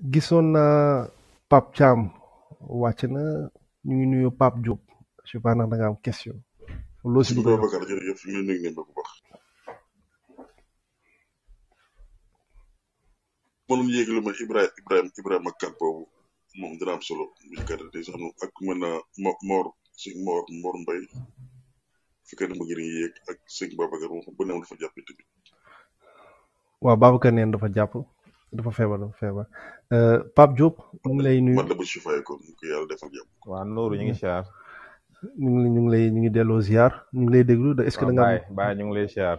gisoon naa Pape Thiam wàcc na ñu ngi nuyu Pape Diop je sais pas am question. loo si bëgg a wax jërëjëf fi boobu moom dina am solo muy gàddu gi ak mën na Mor sëñ Mor Mor Mbaye fekk na ma ngi yéeg ak moom bu ne ma dafa jàpp tamit. waaw Babacar neen dafa jàpp. dafa feebal dafa feebar euh, Pape Diop. ñu ngi lay nuyu man la monsieur Faye kon ñu ko yàlla ngi siyaar. ñu ñu ngi lay ñu ngi delloo ziar ñu ngi lay déglu est-ce que da ngi lay siyaar.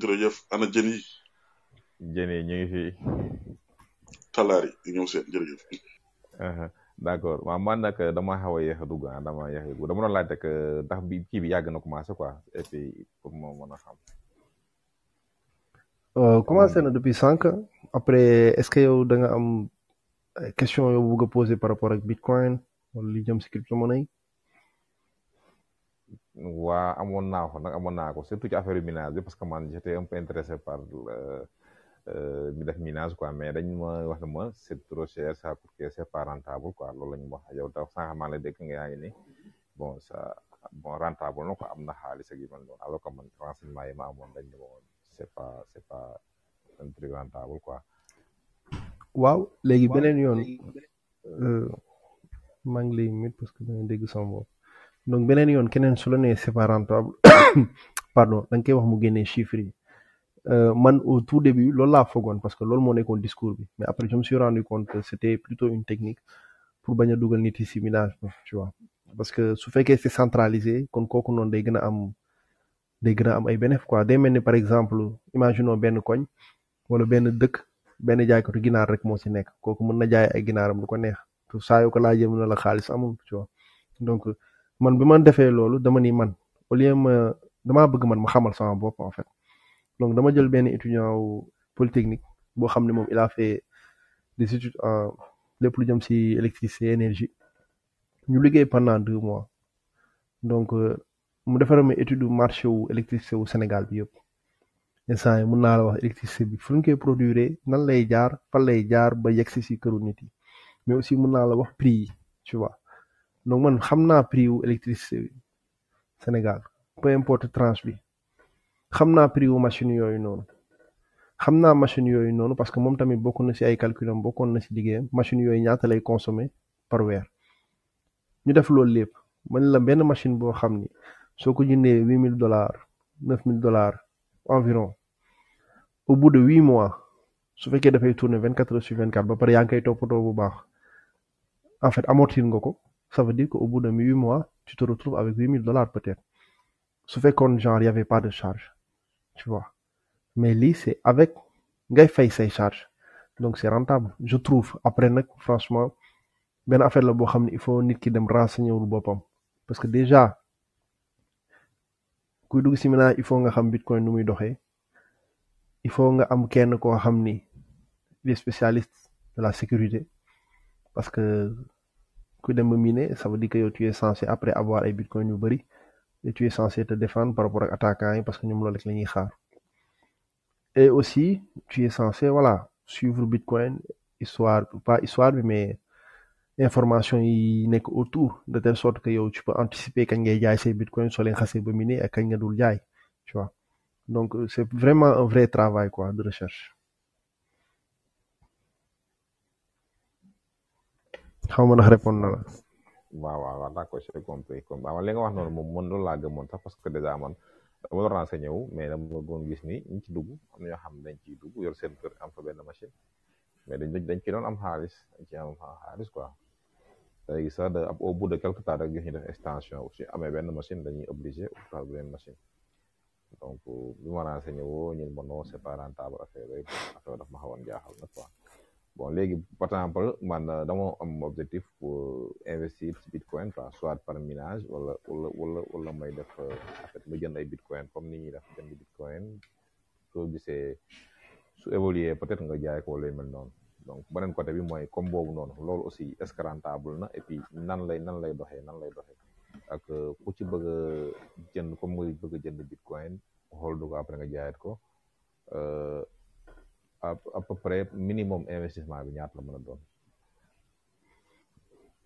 jërëjëf jën yi. jën yi ñu fi. talaar yi seen jërëjëf. d'accord waaw man nag dama xaw a yéex a dugg ah dama yéex a dugg dama euh, kii bi yàgg na commencé quoi et puis pour mën a xam. Uh, commencé na depuis cinq après est-ce que yow da nga am eh, question yo bugg a par rapport ak bitcoin wala li jëm si crypto-monnaie yi. waa amoon naa ko nag amoon naa ko surtout ci affaire minage bi parce que man j'étais un peu intéressé par mi def minage quoi mais dañ ma wax ne ma c'est trop cher ça pour que rentable quoi loolu la ñu wax yow tax sànq maa lay dégg nga yaa ngi ni bon ça bon rentable na quoi am na xaalis ak yu mel noonu alors que man ma amoon dañ ne c'est pas c'est pas un quoi. waaw léegi beneen yoon euh, maa ngi lay mute parce que dama dégg sama bopp donc beneen yoon keneen su nee c'est pas rentable pardon da nga koy wax mu génnee chiffres yi euh, man au tout début loolu laa foogoon parce que loolu moo nekkoon discours bi mais après je me suis rendu compte que c'était plutôt une technique pour bañ dugal nit yi si minage parce que su fekkee c'est centralisé kon kooku noonu day gën a am day gën am ay bénéf quoi day mel ni par exemple imaginons benn koñ wala benn dëkk benn jaaykatu ginaar rek moo si nekk kooku mën na jaay ay ginaaram lu ko neex te saa yu ko laajee na la xaalis amul tu vois donc man bi ma defee loolu dama ni man au lieu ma damaa bëgg man ma xamal sama bopp en dama jël benn étudiant wu polytechnique boo xam ne moom il a fait des études lépp lu jëm si électricité énergie ñu liggéey pendant deux donc. Euh, mu defaral ma étude marché wu électricité wu Sénégal bi yëpp instant yi mun naa la wax électricité bi fu ñu koy produire nan lay jaar fan lay jaar ba yegg si si këru nit yi mais aussi mun naa la wax prix yi tu vois man xam naa prix wu électricité bi Sénégal peu importe tranche bi xam naa prix wu machine yooyu noonu xam naa machine yooyu noonu parce que moom tamit bokk na si ay calculam bokkoon na si liggéeyam machine yooyu ñaata lay consomé par weer ñu def loolu lépp man la benn machine boo xam ni soo ko jëndee huit mille dollars neuf mille dollars environ au bout de huit mois su fekkee dafay tourne vingt quatre heures sur vingt quatre ba pare yaa ngi koy toppatoo bu baax en fait amortir nga ko ça veut dire que au bout de huit mois tu te retrouves avec huit mille dollars peut-être su fekkoon genre y avait pas de charge tu mais lii c'est avec ngay fay say charge donc c'est rentable je trouve après nag franchement benn affaire la boo xam ne il faut nit ki dem renseigner wul boppam kuy dugg si ménage il faut nga xam bitcoin nu muy doxee il faut nga am kenn koo xam ni les spécialistes de la sécurité parce que ku dem ba miné ça veut dire que yow tu es après avoir ay bitcoin yu bëri et tu es censé te défendre par rapport ak attaquants yi parce que ñoom loolu rek la ñuy xaar et aussi tu es censé voilà suivre bitcoin histoire pas histoire bi mais information yi nekk autour de telle sorte que yow tu peux anticiper kañ ngay jaay say bitcoin soo leen xasee ba miner a kañ nga dul jaay tu vois donc euh, c'est vraiment un vrai travail quoi de recherche. xaw ma ndax répondre na la. waaw waaw waaw d'accord j'ai compris comme waaw li nga wax noonu moom man loolu laa gëmoon sax parce que déjà man dama doon renseigné wu mais dama doon gis ni ñu ci dugg am na ñoo xam dañ ciy dugg yor seen kër am fa benn machine mais dañ dañ ci doon am xaalis dañ ci am xaalis quoi. da ngay gis sax da au bout de quelque temps rek gis ñu def extension aussi amee benn machine dañuy obligé utal beneen machine donc bi ma renseigné woo ñun mënoo c'est pas rentable affaire yooyu affaire daf ma xawoon jaaxal nag quoi bon léegi par exemple man euh, dama am objectif pour investir ci bitcoin quoi soit par minage wala wala wala wala may def euh, en fait mu jënd ay bitcoin comme ni ñuy def jënd bitcoin soo gisee su évoluer peut-être nga jaay ko wala noonu. donc beneen côté bi mooy comme boobu noonu loolu aussi est-ce que na et puis nan lay nan lay doxee nan lay doxee ak euh, ku ci bëgg jënd comme nga bëgg a jënd bitcoin xool du ko après nga jaayaat ko euh, à peu près minimum investissement bi ñaata la mën a doon.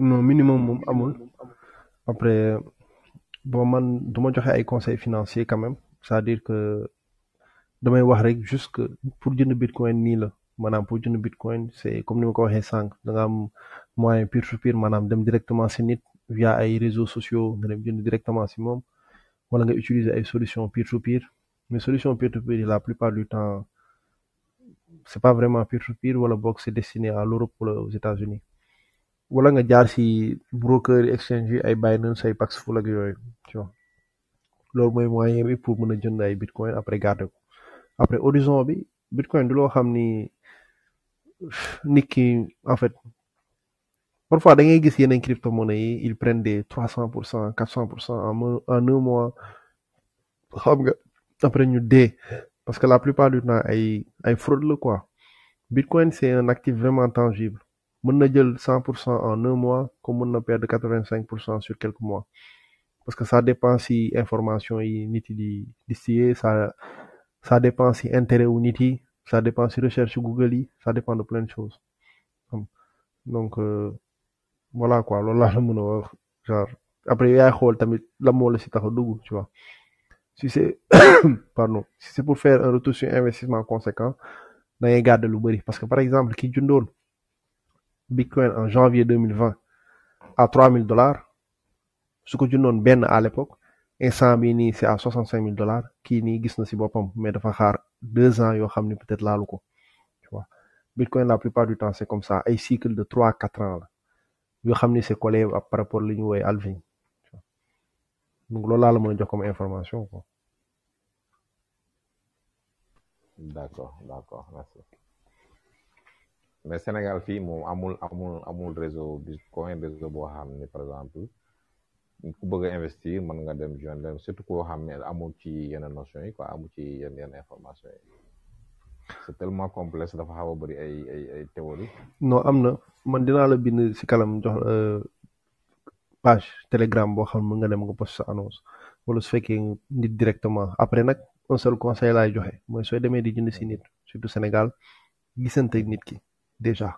non minimum moom amul après boo man du ma joxe ay conseils financier quand même c'est-à-dire que damay wax rek juste que pour jënd bitcoin nii la. maanaam pour jënd bitcoin c'est comme ni ma ko waxee sànq da nga am moyen peer to peer maanaam dem directement si nit via ay réseaux sociaux nga dem jënd directement si moom wala nga utiliser ay solution peer to peer mais solution peer to peer la plupart du temps c'est pas vraiment peer to peer wala boog c'est destiné à l'Europe wala aux États-Unis wala nga jaar si broker yi exchange yi ay Binance ay Paxful ak yooyu tu vois loolu mooy moyen bi pour mën a jënd ay bi bitcoin nit ki en fait parfois da ngay gis yenn crypto-monnaie yi ils des trois cent pour cent quatre cent pour cent en en un mois xam nga après ñu dee parce que la plupart du temps ay ay fraude la quoi bitcoin c' est un actif vraiment tangible mën na jël cent pour cent en un mois comme mun na perdre quatre vingt cinq pour cent sur quelques mois parce que ça dépend si information yi nit yi di distiller ça ça dépend si intérêt wu nit yi ça dépend si recherche Google yi ça dépend de plein de choses donc euh, voilà quoi loolu laa la mën a wax genre après yaay xool tamit la moo la si tax a dugg tu vois si c'est pardon si c'est pour faire un retour sur investissement conséquent da ngay garder lu bëri parce que par exemple ki jundoon bitcoin en janvier deux mille vingt à trois mille dollars su ko jundoon benn à l'époque instant bi nii c'est à soixante cinq mille dollars kii nii gis na si boppam mais dafa xaar deux ans yoo xam ne peut-être laalu ko tu vois bitcoin la plupart du temps c'est comme ça ay cycle de trois quatre ans la yoo xam ni c'est collé par rapport li ñu woowee halving donc loolu laa la mën jox comme information quoi. d'accord d'accord merci mais Sénégal fii moom amul amul amul réseau bitcoin réseau boo xam ne par exemple. ku bëgg investir mën nga dem joindre leen surtout koo xam ne amul ci yenn notion yi quoi amul ci yenn information yi c'est tellement complexe dafa xaw a bëri ay ay ay théorie non am na man dinaa la bind si kalam jox euh, page telegram boo xam mun mën nga dem nga post sa annonce wala su fekkee nit directement après nag un seul conseil laay joxe mooy sooy demee di jënd si nit surtout Sénégal gisante nit ki déjà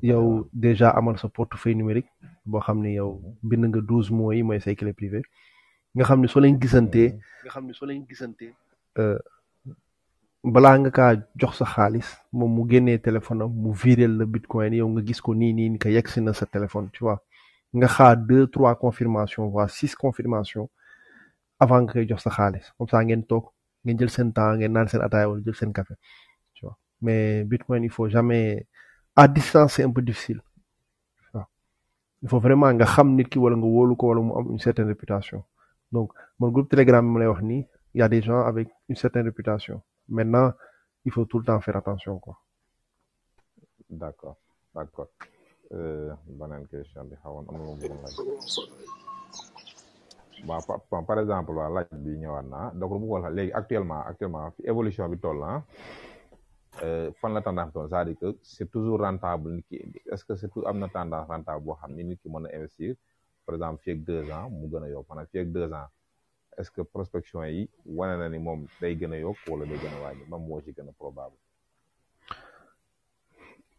yow déjà amal sa portefeuille numérique boo xam ne yow bind nga douze mois yi mooy say clé privée nga xam ne soo leen gisantee nga xam ne soo leen gisantee euh, balaa nga kaa jox sa xaalis moom mu génnee téléphone am mu viréel la bitcoin yow nga gis ko nii nii ni ko yegg si na sa téléphone tu nga xaar deux trois confirmations voire six confirmations avant nga koy jox sa xaalis comme ça ngeen toog ngeen jël seen temps ngeen naan seen ataaya wala jël seen café mais bitcoin il faut jamais à distance c'est un peu difficile waaw il faut vraiment nga xam nit ki wala nga woolu ko wala mu am une certaine réputation donc mon groupe Telegram mu ma lay wax nii y des gens avec une certaine réputation maintenant il faut tout le temps faire attention quoi. d'accord d'accord euh, beneen question bi xawoon am na moom par exemple laaj bi ñëwaat naa donc bu ko waxee léegi actuellement actuellement fi évolution bi toll ah. Euh, fan la tendance doon c'est-à-dire que c'est toujours rentable nit ki est-ce que c'est am na tendance rentable boo xam ni nit ki mën na exemple fii ak deux ans a yokk maanaam fii ak est-ce que prospection yi wane na ni moom day gën a yokk wala day gën a wàññi moo ci gën a probable.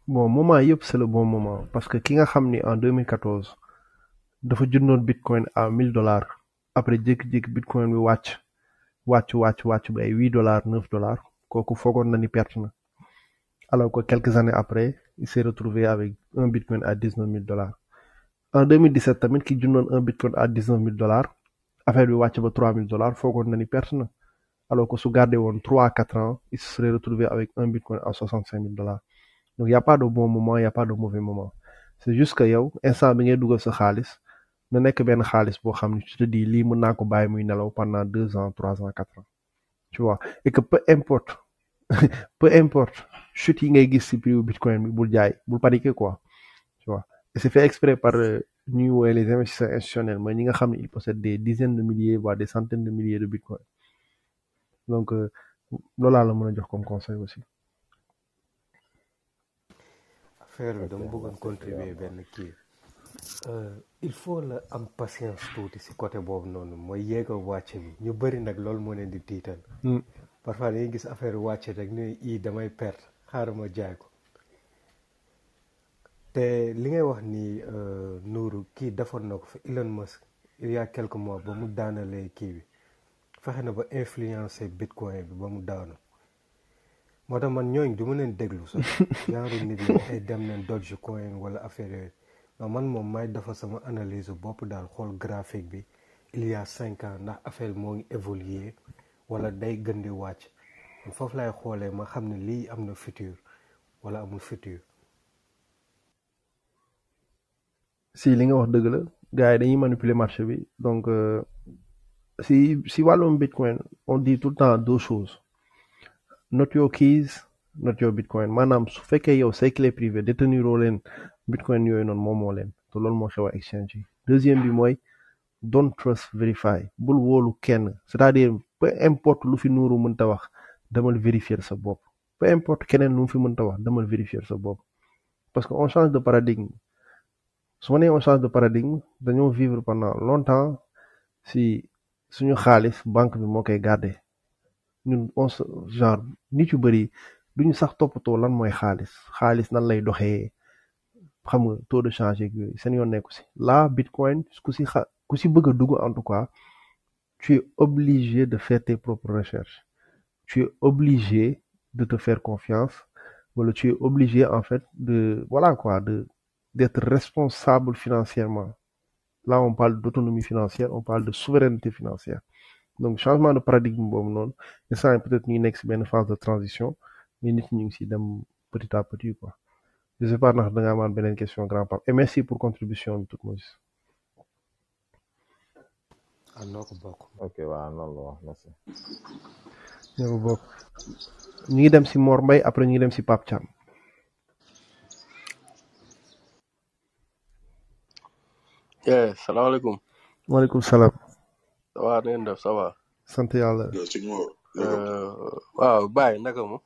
bon moment yëpp c'est le bon moment parce que ki nga xam ni en 2014 dafa jëndoon bitcoin à 1000 dollars après jékki-jékki bitcoin bi wàcc wàcc wàcc wàcc bi ay 8 dollars 9 kooku foogoon na ni perte na. alors que quelques années après il s'est retrouvé avec un bitcoin à dix neuf mille dollars en 2017 tamit ki jundoon un bitcoin à dix neuf mille dollars affaire bi wàcc ba trois mille dollars foogoon na ni perte na alors que su gardé woon trois quatre ans il se retrouvé avec un bitcoin à soixante cinq mille dollars donc y a pas de bon moment y a pas de yow instant bi ngay dugal sa xaalis na nekk benn xaalis boo xam ne tu te dis lii mën naa ko bàyyi muy nelaw pendant deux ans trois ans quatre ans tu vois et peu importe chute yi ngay gis si prix bitcoin bi bul jaay bul paniquer ko tu vois fee c'est par euh, ñuy wooye les investisseurs institutionnels mooy ñi nga xam ne ils possèdent des dizaines de milliers voire des centaines de milliers de bitcoin donc euh, loolaa la mën a jox comme conseil aussi. affaire bi dama benn kii euh, il am patience tuuti si côté boobu noonu mooy yéeg a ñu bëri nag loolu moo leen di tiital. Hmm. parfois dañuy gis affaire wàcce rek ne damay perte. xaaruma jaay ko te li ngay wax ni euh, Nourou kii defoon na ko fa Elon Musk il y a mois ba mu daanalee kii bi fexe na ba influencer bitcoin bi ba mu daanu moo tax man ñooñu du ma leen déglu sax genre nit ñi ay dem leen Dogecoin wala affaire yooyu man moom may dafa sama analyse bopp daal xool graphique bi il y a cinq ans ndax affaire moo ngi évoluer wala day gën di wàcc foofu lay xoolee ma xam ne lii am na futur wala amul futur. si li nga wax dëgg la gars yi dañuy manipuler marché bi donc euh, si si wàllum bitcoin on dit tout le temps deux choses not your not your bitcoin maanaam su fekkee yow say clé privée déteniroo leen bitcoin yooyu noonu moom leen te loolu moo xew a exchange yi deuxième bi mooy don't trust verify bul woolu kenn c'est-à-dire peu importe lu fi nuuru mënta wax. demal vérifier sa bopp peu importe keneen lu mu fi mënta wax demal vérifier sa bopp parce que on change de paradigme su ma nee on change de paradigme dañoo vivre pendant longtemps si suñu xaalis banque bi moo koy gardé ñun on genre nit yu bëri duñu sax toppatoo lan mooy xaalis xaalis nan lay doxee xam nga taux de change yeeg yooyu seen yoon nekku si la bitcoin ku si xa ku si bëgg a dugg en tout cas tu es obligé de faire tes propres recherches. tu es obligé de te faire confiance. Voilà, tu es obligé, en fait, de, voilà quoi, de, d'être responsable financièrement. Là, on parle d'autonomie financière, on parle de souveraineté financière. Donc, changement de paradigme, noon non. Et ça, peut-être, nous sommes une phase de transition, mais nous sommes petit à petit, quoi. Je sais pas, nous avons une question, grand pape. Et merci pour contribution de tout le ñoo ngi dem si Mor Mbaye après ñu ngi dem si Pape Thiam. Eh, salaamaaleykum. salaam. ça va na ngeen def ça va. sant yàlla. Eh, waaw Baye naka mu.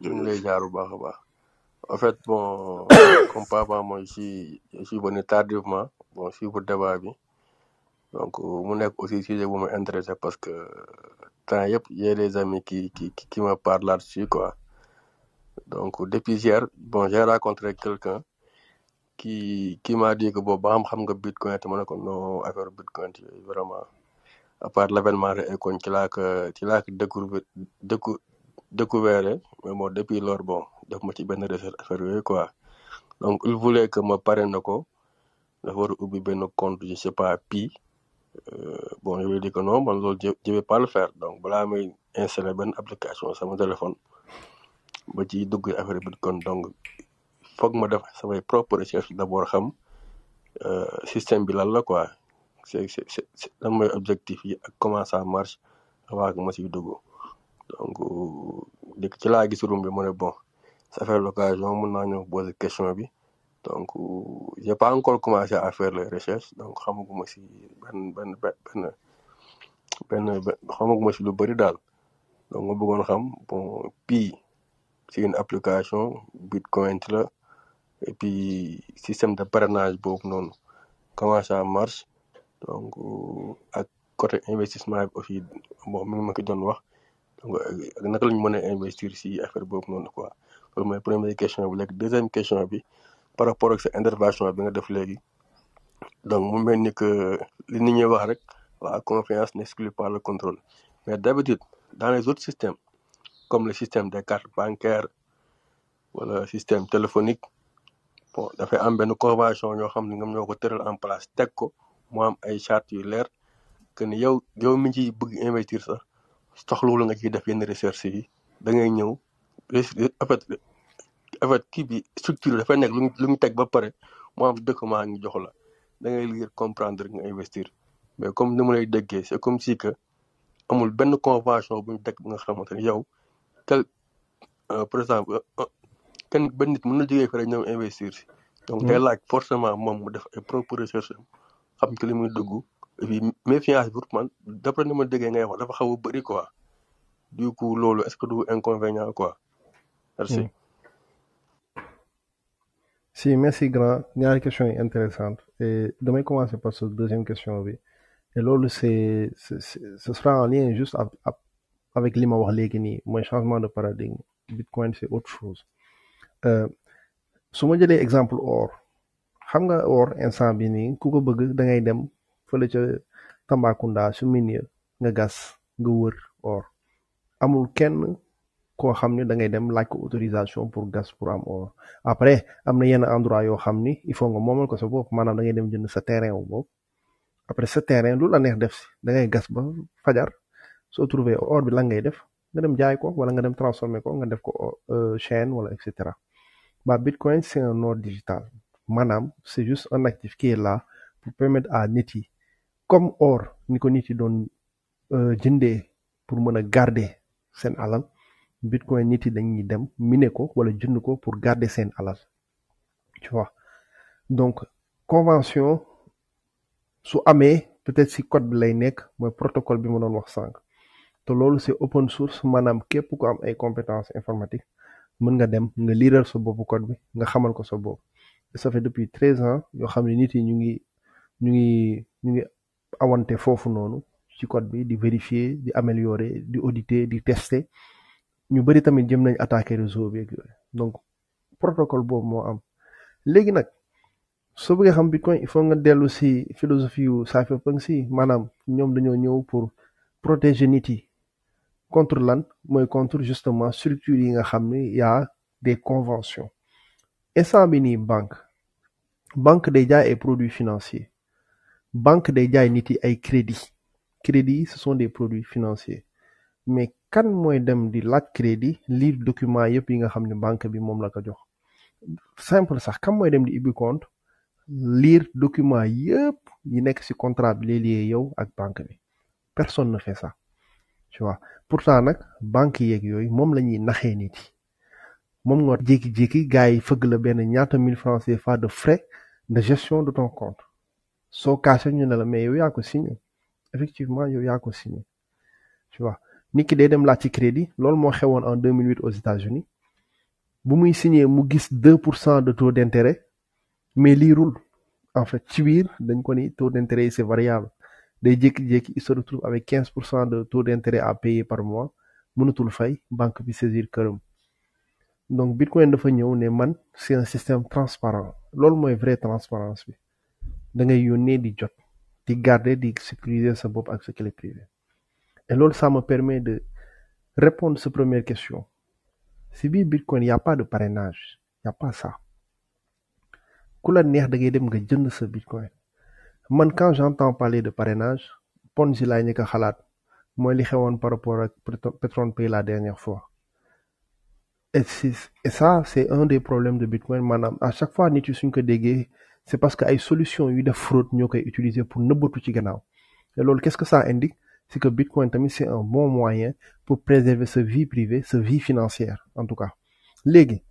ñu jaar bu baax en fait bon comme papa mooy si si venu tardivement bon suivre débat bi. donc euh, mu nekk aussi sujet bu ma intéressé parce que euh, temps yëpp j'ai des amis qui qui qui par parlent là-dessus quoi donc depuis hier bon j'ai rencontré quelqu'un qui qui m'a dit que boobu ba xam-xam nga bitcoin te ma ne ko non affaire bitcoin yooyu vraiment à part l'avènement de Bitcoin ci laa ko ci laa ko découvert décou découvert depuis lors bon def ma ci benn recherche affaire yooyu quoi donc il voulait que ma na ko dafa war a ubbi benn compte je sais pas Pi. Euh, bon je lui ai dit que non man loolu je je vais donc balaa may installer benn application sama téléphone ba ci dugg affaire kon donc foog ma def samay propre recherche d'abord xam euh, système bi lan la quoi c'est c'est c'est lan mooy objectif yi ak comment ça marche avant que ma siy dugg donc euh, dëkk ci laa gis room bi mu ne bon ça fait l'occasion mën naa ñëw poser question bi. donc j'ai pas encore commencé à faire les recherches donc xamaguma si benn benn benn si lu bëri daal donc ma bëggoon xam bon Pi c'est une application Bitcoin la et puis système de parrainage boobu noonu comment ça marche donc ak côté investissement bi aussi moo mi ngi ma ko doon wax donc naka la ñu mën a investir si affaire boobu noonu quoi loolu question bi lek deuxième question bi. par rapport ak intervention bi nga def léegi donc mu mel ni que li nit ñuy wax rek la confiance n'exclut pas le contrôle mais d'habitude dans les autres systèmes comme le système des cartes bancaires wala système téléphonique bon dafay am benn convention ñoo xam ne nga ñoo ko tëral en place teg ko mu am ay charte yu leer que ni yow yow mi ciy bëgg investir sax soxlawul nga ciy def yenn recherche yi da ngay ñëw en avec kii bi structure dafay nekk lu lu ñu teg ba pare mu am document ñu jox la da ngay lire comprendre nga investir mais comme ni mu lay déggee c'est comme si que amul benn convention bu ñu teg nga xamante ni yow tel euh, par exemple euh, euh, kenn benn nit mën na jógee fële ñëw investir si. donc day hmm. laaj forcément moom mu def ay propres recherche xam que li muy dugg et puis méfiance bi pour man d'après ni ma déggee ngay wax dafa xaw a bëri quoi du coup loolu est-ce que du inconvénient quoi. si merci grand ñaari question yi intéressante et damay commencer par cette deuxième question bi loolu c'est ce sera en lien juste avec li ma wax léegi nii mooy changement de paradigme bitcoin c'est autre chose euh, su ma jëlee exemple or xam nga or instant bi nii ku ko bëgg da ngay dem fële ca Tambacounda su minier nga gas nga wër or amul kenn koo xam ne da ngay dem laaj ko autorisation pour gas pour am or après am na yenn endroit yoo xam ni il faut nga moomal ko sa bopp maanaam dangay ngay dem jënd sa terrain wu bopp après sa terrain lu la def si gas ba fajar soo trouvé or bi lan ngay def nga dem jaay ko wala nga dem transformer ko nga def ko euh, chaîne wala et cetera ba bitcoin c'est un maanaam c'est juste un actif qui est pour permettre à nit yi comme or ni ko doon euh, jëndee pour mën a garder seen alal bitcoin nit yi dañuy dem miner ko wala jënd ko pour garder seen alal tu donc convention su amee peut-être si code bi lay nekk mooy protocole bi ma doon wax sànq te loolu c'est open source maanaam képp ku am ay compétence informatique mën nga dem nga liiral sa boppu code bi nga xamal ko sa bopp ça fait depuis treize ans yoo xam ne nit yi ñu ngi ñu ngi ñu ngi awante foofu noonu ci code bi di vérifier di améliorer di auditer di tester ñu bëri tamit jëm nañ attaquer réseau bi ak donc protocole boobu moo am léegi nag soo bëggee xam bi bitcoin il faut nga dellu si philosophie yu cypherpunk si maanaam ñoom dañoo ñëw pour protéger nit yi contre lan mooy contre justement structure yi nga xam ne yaa a des conventions instant bi nii banque banque day jaay ay produits financier banque day jaay nit yi ay crédit crédit ce sont des produits financiers mais kan mooy dem di laaj crédit liir document yëpp yi nga xam ne banque bi moom la ko jox simple sax kan mooy dem di ubbi compte lire document yëpp yi nekk ci contrat bi lay lié yow ak banque bi personne ne fait ça tu vois pourtant nag banque yeeg yooyu moom la ñuy naxee nit yi moom nga jékki-jékki gars yi fëgg la benn ñaata mille francs CFA de frais de gestion de ton compte soo kaase ñu ne la mais yow yaa ko signé effectivement yow yaa ko signé nit ki day dem laaj ci crédit loolu moo xewoon en 2008 aux États-Unis bu muy signé mu gis 2 pour cent de taux d'intérêt mais lii rul en fait ci biir dañ ko ni taux d'intérêt yi c'est variable day jékki-jékki il se retrouve avec 15 pour cent de taux d'intérêt à payer par mois mënatul fay banque bi saisir këram donc bit bitcoin dafa ñëw ne man c'est un système transparent loolu mooy vraie transparence bi da ngay yónnee di jot di garder di sécuriser sa bopp ak sa clé loolu, ça me permet de répondre à première question. Si biir Bitcoin, il n'y a pas de parrainage. Il n'y a pas ça. ku la neex da ngay dem nga jënd sa Bitcoin. man quand j'entends parler de parrainage Ponzi laay ñi ko xalaat mooy li xewoon par rapport ak PetronPay la dernière fois et et ça c'est un des problèmes de Bitcoin maanaam à chaque fois nit yi suñ ko déggee c'est parce que ay solution yu def fraude ñoo koy utiliser pour nëbbatu ci gannaaw loolu qu'est-ce que ça c'est que Bitcoin tamit c'est un bon moyen pour préserver sa vie privée sa vie financière en tout cas léegi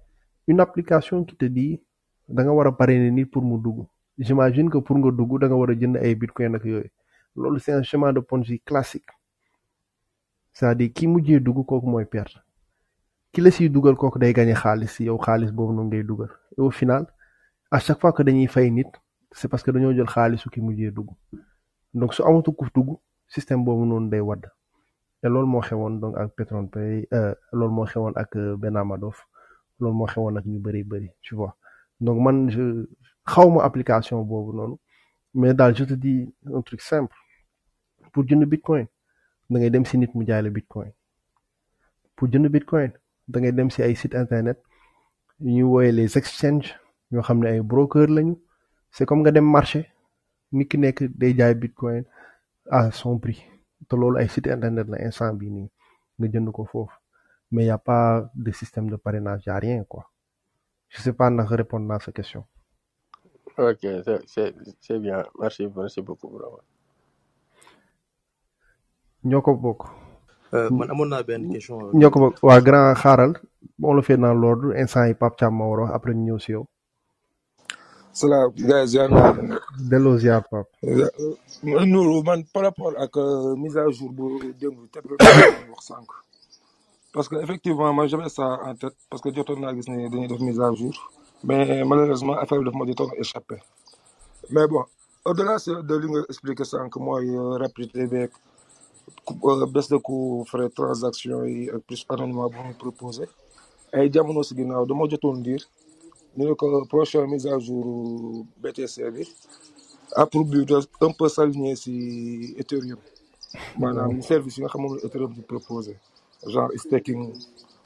une application qui te dit da nga war a parrainer nit pour mu dugg j'imagine que pour nga dugg da nga war a jënd ay Bitcoin nag yooyu loolu c'est un schéma de Ponzi classique c'est-à-dire ki mujjee dugg kooku mooy perte ki si siy dugal kooku day gagné xaalis yow xaalis boobu noonu ngay dugal et au final à chaque fois que dañuy fay nit c'est parce que dañoo jël xaalisu ki mujjee dugg système boobu noonu day wadd te loolu moo xewoon donc ak Petronpay euh, loolu moo xewoon ak euh, benn Madoff loolu moo xewoon ak ñu bëri bëri tu donc man je xawma application boobu noonu mais daal je di dis un truc simple pour jënd bitcoin da ngay dem si nit mu jaay la bitcoin pour jënd bitcoin da ngay dem si ay site internet yu ñuy wooye les exchanges ñoo xam ne ay broker lañu c'est comme nga dem marché nit ki nekk day jaay bitcoin a ah, son prix te loolu ay sit internet la instant bi nii nga jënd ko foofu mais y pas de système de parrainage y a je sais pas ndax répondre naa sa question. ok c'est c'est c'est bien merci merci man naa benn question. ñoo ko bokk waa grand xaaral on le dans l'ordre instant yi Pape Thiam ma war après ñu ñëw si salaam gars ziar naa leen rek. delloo man par rapport ak euh, mise à jour bu démb bi wax sànq parce que effectivement man j'avais ça en tête parce que jotoon naa gis ne dañuy def mise à jour mais malheureusement affaire bi daf ma jotoon mais bon au delà de li nga expliqué sànq mooy euh, rapidité beeg euh, baisse de coût frais transaction yi plus anonymement bu muy proposé ay jamono si ginnaaw dama jotoon diir. ñu ne ko prochaine mise à jour BTC bi a pour but de un peu s'aligner si Ethereum maanaam service yi nga xam moom la Ethereum di proposé genre staking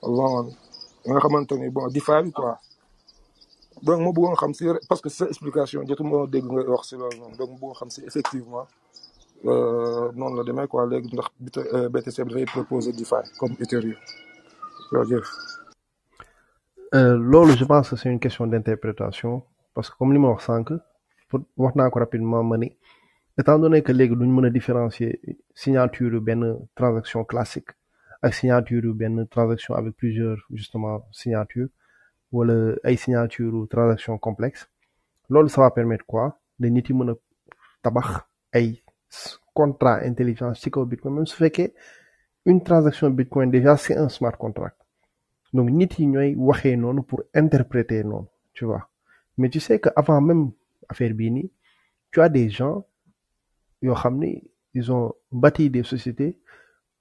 loan yi nga xamante ni bon DeFi bi quoi donc ma bëggoon xam si parce que sa explication jotuma dégg nga wax si loolu noonu donc ma xam si effectivement euh, noonu la demee quoi léegi ndax BTC euh, bi dafay proposé DeFi comme Ethereum jërëjëf Euh, loolu je pense que c'est une question d'interprétation parce que comme li ma wax sànq pour wax naa ko rapidement ma ni étant donné que léegi duñ mën a différencier signature yu benn transaction classique ak signature yu benn transaction avec plusieurs justement signature wala ay signature ou transaction complexe loolu ça va permettre quoi de nit yi mën a tabax ay contrat intelligence ci kaw bitcoin même su fekkee une transaction bitcoin déjà c'est un smart donc nit yi ñooy waxee noonu pour interpréter noonu tu vois mais tu sais que avant même affaire bii nii tu des gens yoo xam ni ils ont bâti des sociétés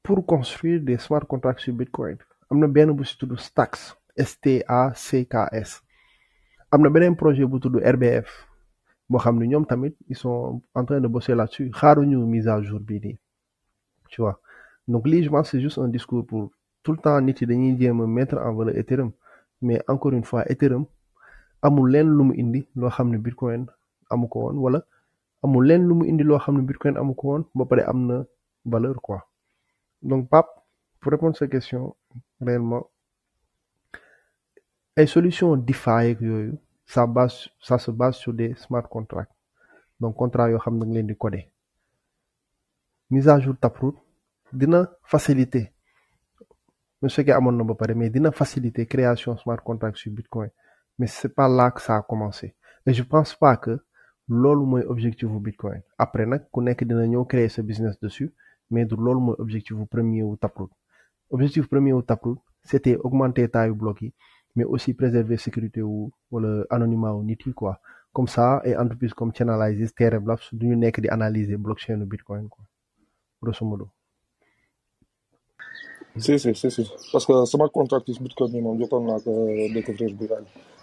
pour construire des smart contracts sur Bitcoin am na benn bu si tudd Stacks s t a c am na beneen projet bu tudd RBF boo xam ne ñoom tamit ils sont en train de bosser là-dessus xaaruñu mise à jour bii nii donc lii je c'est juste un discours pour tout le temps nit yi dañuy jéem a mettre en valeur Ethereum mais encore une fois Ethereum amul leen lu mu indi loo xam ne Bitcoin amu ko woon wala amul leen lu mu indi loo xam ne Bitcoin amu ko woon ba pare am na valeur quoi donc Pape pour répondre sa question réellement ay solution DeFi ak yooyu ça base ça se base sur des smart contracts donc contrat yoo xam ne nga leen di codé mise à jour Taproot dina faciliter. même su amoon na ba pare mais dina faciliter création smart contract sur Bitcoin mais c'est par là que sa a commencé je pense pas que loolu mooy objectif bu Bitcoin après nag ku nekk dina ñëw créer sa business dessus mais du loolu mooy objectif bu premier wu Taproot objectif premier wu Taproot c'était augmenter taayu bloc yi mais aussi préserver sécurité wu wala anonymat wu nit yi quoi comme ça ay entreprise comme Chainalysis Theorem Labs du ñu nekk di analyser blockchain u Bitcoin quoi grosso Parce que sama contractus bitcoin bi moom jotoon naa ko euh, découvrir bu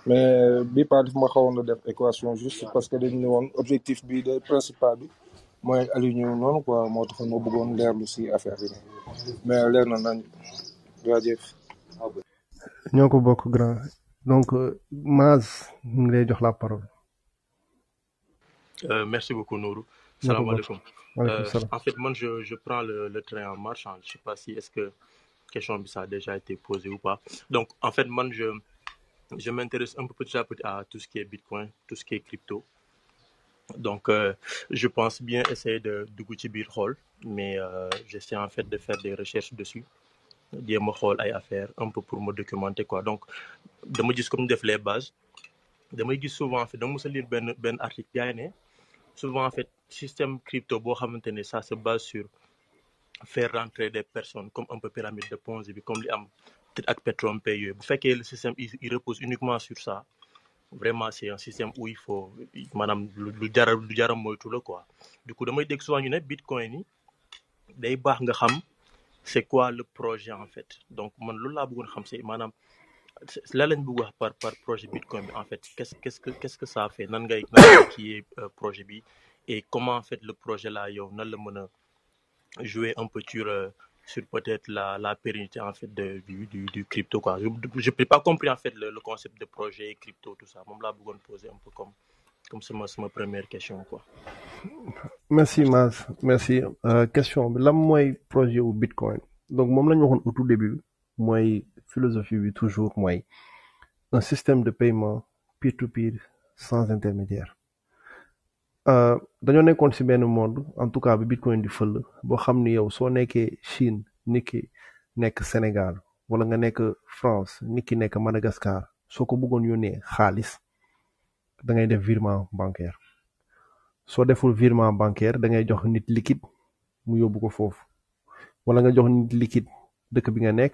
mais bi pas def ma xawoon def équation juste parce que dañ ne woon objectif bi de principal bi mooy aligné noonu quoi moo taxoon ma bëggoon leerlu si affaire bi mais leer na nañ jaajëf. ñoo ko bokk grand donc Maaz ngi lay jox la parole. Euh, merci beaucoup Nourou. salaamaaleykum. maaleykum salaam en fait est-ce que. question bi a déjà été posée ou pas. Donc, en fait, moi, je, je m'intéresse un peu petit à petit à tout ce qui est Bitcoin, tout ce qui est crypto. Donc, euh, je pense bien essayer de, de goûter Bitcoin, mais euh, j'essaie en fait de faire des recherches dessus. Des mots à faire un peu pour me documenter quoi. Donc, de me dire comme def les bases. De me dire souvent en fait, de me lire ben, ben article, souvent en fait, système crypto, ça se base sur faire rentrer des personnes comme un peu pyramide de Ponzi bi comme li am ak Petronpay yooyu bu fekkee le système il repose uniquement sur ça vraiment c'est un système où il faut maanaam lu jara jara moytu la quoi du ko damay deg souvent ñu ne bitcoin yi day baax nga xam c'est quoi le projet en fait donc man loolu laa bëggoon xam c'est maanaam la lañ bëgg wax par par projet bitcoin bi en fait quest que quest que ça fait nan ngay nan ngay kii euh, projet bi et comment fait le projet la yow nan la mën a jouer un peu sur, euh, sur peut-être la, la, pérennité en fait de, du, du, du, crypto. Quoi. Je n'ai pas compris en fait le, le, concept de projet, crypto, tout ça. Même là, vous poser un peu comme comme ma, ma, première question. Quoi. Merci Mas, merci. Euh, question bi lan mooy projet wu Bitcoin donc moom la ñu waxoon au tout début mooy philosophie bi toujours mooy un système de paiement peer to peer sans intermédiaire Euh, dañoo nekkoon si benn monde en tout cas bi bitcoin di fël boo xam ni yow soo nekkee Chine nit ki nekk Sénégal wala nga nekk France nit ki nekk Madagascar soo ko bëggoon yónnee xaalis da ngay def virement bancaire soo deful virement bancaire da ngay jox nit liquide mu yóbbu ko foofu wala nga jox nit liquide dëkk bi nga nekk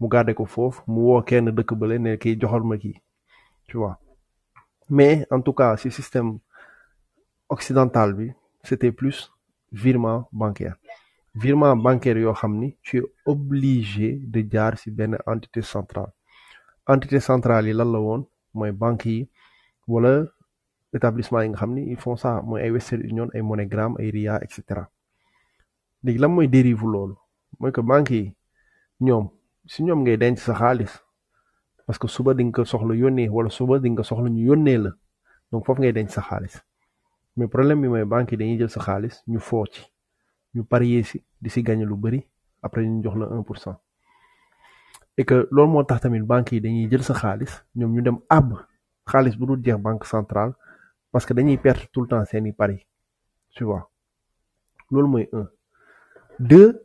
mu garde ko foofu mu woo kenn dëkk bële ne kii joxal ma kii tu mais en tout cas si système occidental bi c'était plus virement bancaire virement bancaire yoo xam ni tu es obligé de jaar ci benn entité centrale entité centrale yi lan la woon mooy banque yi wala établissement yi nga xam ni il faut ça mooy ay Western Union ay MoneyGram ay Ria et cetera léegi lan mooy dérive loolu mooy que banque yi ñoom si ñoom ngay denc sa xaalis parce que suba di nga ko soxla yónnee wala suba di ko soxla ñu yónnee la donc foofu ngay denc sa xaalis mais problème bi mooy banque yi dañuy jël sa xaalis ñu foo ci ñu parier si di si gagné lu bëri après ñu jox la un pour cent et que loolu moo tax tamit banque yi dañuy jël sa xaalis ñoom ñu dem àbb xaalis bu dul jeex banque centrale parce que dañuy perte tout le temps seeni pari tu vois loolu mooy un deux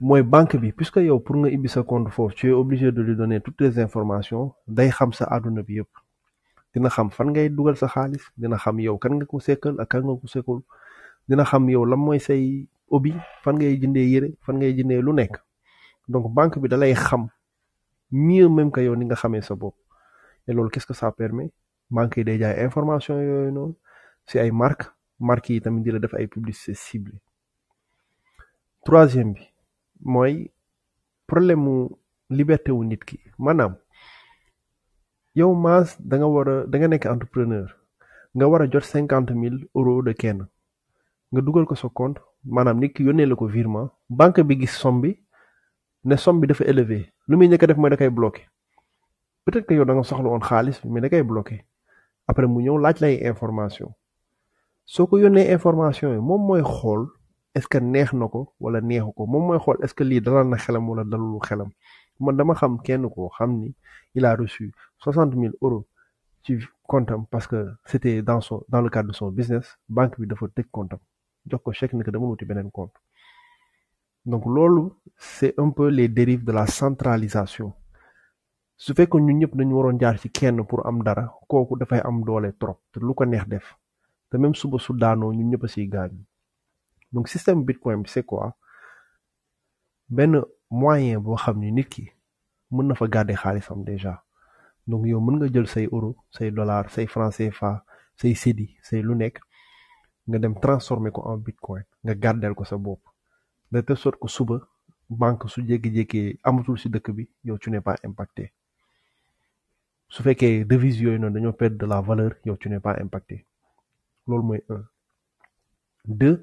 mooy banque bi puisque yow pour nga ibbi sa compte foofu tu es obligé de lui donner toutes les informations day xam sa àdduna bi yëpp. dina xam fan ngay dugal sa xaalis dina xam yow kan nga ko sekkal ak kan nga ko sekkul dina xam yow lan mooy say obi fan ngay jëndee yére fan ngay jëndee lu nekk donc banque bi dalay xam mieux même que yow ni nga xamee sa bopp loolu quest que ça permet yi day information yooyu noonu si ay marque marque yi tamit di la def ay publicité cible troisième bi mooy problème mu liberté wu nit ki maanaam yow Mass danga nga danga nekk entrepreneur nga war a jot cinquante mille euro de kenn nga dugal ko sa compte maanaam nit ki yónnee la ko virement banque bi gis somme bi ne somme bi dafa élevé lu muy njëkk def mooy da koy bloqué peut-être que yow da nga soxla woon xaalis mais da koy bloqué après mu ñëw laaj lay information soo ko yónnee information yi moom mooy xool est-ce que neex na ko wala neexu ko moom mooy xool est-ce que lii dalal na xelam wala dalul xelam man dama xam kenn koo xam ni il soixante mille euros ci comptam parce que c'était dans son dans le cadre de son business banque bi dafa tëj comptam jox ko chèque ni que dama wuti beneen compte donc loolu c'est un peu les dérives de la centralisation su fekkoon ñun ñëpp dañu waroon jaar ci kenn pour am dara kooku dafay am doole trop te lu ko neex def te même suba su daanoo ñun ñëpp si siy gaañu donc système bitcoin bi c'est quoi benn moyen boo xam ni nit ki mën na fa garder xaalisam déjà donc yow mën nga jël say euro say dollar say franc CFA say cedi say lu nekk nga dem transformer ko en bitcoin nga gàddeel ko sa bopp de telle sorte que suba banque su jékki-jékkee amatul si dëkk bi yow tu ne pas impacté su fekkee devise yooyu noonu dañoo perdre de la valeur yow tu ne pas impacté loolu mooy un deux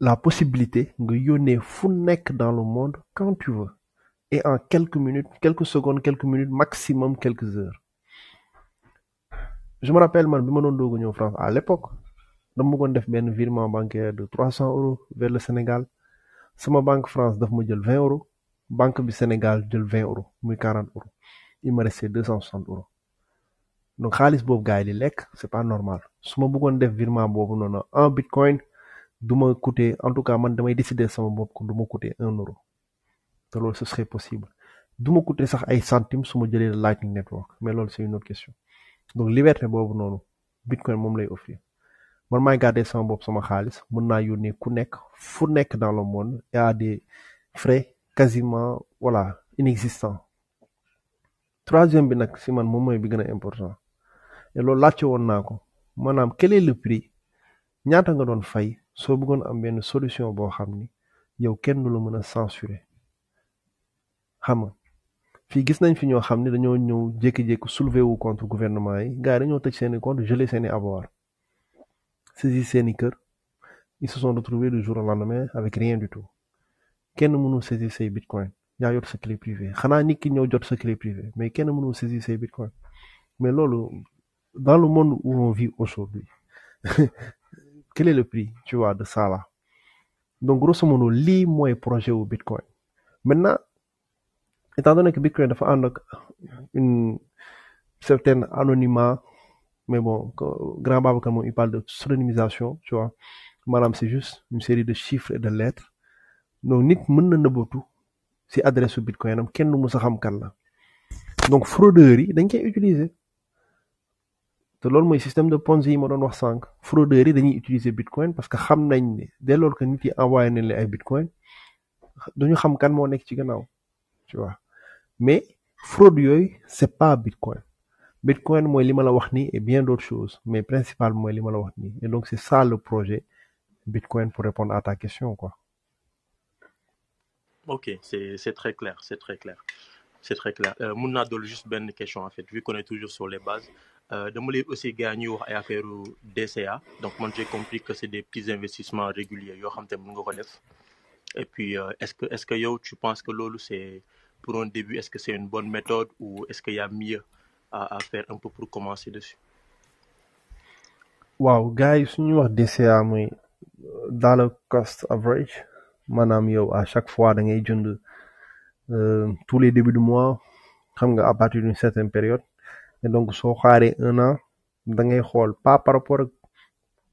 la possibilité nga yónnee fu nekk dans le monde quand tu et en quelques minutes, quelques secondes, quelques minutes, maximum quelques heures. Je me rappelle, man, bi ma doon doog a ñëw France à l'époque dama bëggoon def benn virement bancaire de 300 euros vers le Sénégal sama banque France daf ma jël 20 euros banque bi Sénégal jël 20 euros muy 40 euros il me restait 260 euros donc xaalis boobu gars yi di lekk c'est pas normal su ma bëggoon def virement boobu noonu en bitcoin du ma coûter en tout cas man damay décider sama bopp du ma coûter 1 euro. te loolu ce serait possible du ma coûter sax ay centime su ma jëlee Lightning Network mais loolu c'est une autre question donc liberté boobu noonu bitcoin moom lay offrir man maay garder sama bopp sama xaalis mën naa yónnee ku nekk fu nekk dans le monde et à des frais quasiment voilà inexistants troisième bi nag si man moom mooy bi gën a important loolu laajte woon naa ko maanaam quel est le prix ñaata nga doon fay soo buggoon am benn solution boo xam ni yow kenn du la mën a censurer xam nga fii gis nañ fi ñoo xam ne dañoo ñëw jékki-jékki soulever wu contre gouvernement yi gars yi dañoo tëj seeni compte gelé seeni avoir saisi seeni kër ils se sont retrouvés du jour au lendemain avec rien du tout kenn mënul saisir say bitcoin yaa yor sa clé privée xanaa nit ki ñëw jot sa clé privée mais kenn mënul saisir say bitcoin mais loolu dans le monde où on vit aujourd'hui quel le prix ci vois de ça là donc grosso modo lii mooy projet wu bitcoin étant donné que Bitcoin dafa ànd ak une certaine anonymat mais bon grand Babacar moom il parle de pseudonymisation tu vois maanaam c'est juste une série de chiffres et de lettres donc nit mën na nëbbatu si adresse su Bitcoin am kenn du mës a xam kan la donc fraudeurs yi dañ koy utiliser te loolu mooy système de Ponzi yi ma doon wax sànq fraudeurs yi dañuy utiliser Bitcoin parce que xam nañ ne dès lors que nit yi envoyé nañ ay Bitcoin duñu xam kan moo nekk ci gannaaw tu mais fraude yooyu c'est pas Bitcoin Bitcoin mooy li ma la wax nii et bien d'autres choses mais principal mooy li ma la wax nii et donc c'est ça le projet Bitcoin pour répondre à ta question quoi. ok c'est c'est très clair c'est très clair c'est na clair euh, mun juste benn question en fait vu qu'on est toujours sur les bases euh, dama lay aussi gars ñuy wax ay affaire DCA donc man j'ai compris que c'est des petits investissements réguliers yoo xam te mun nga ko def et puis euh, est-ce que est-ce que yow tu penses que loolu c'est pour un début, est-ce que c'est une bonne méthode ou est-ce qu'il y a mieux à, faire un peu pour commencer dessus waaw gars yi su ñuy wax DCA moy dans le cost average maanaam yow à chaque fois da ngay jënd euh, tous les débuts de mois xam nga à partir d'une certaine période et donc soo xaaree un an da ngay xool pas par rapport ak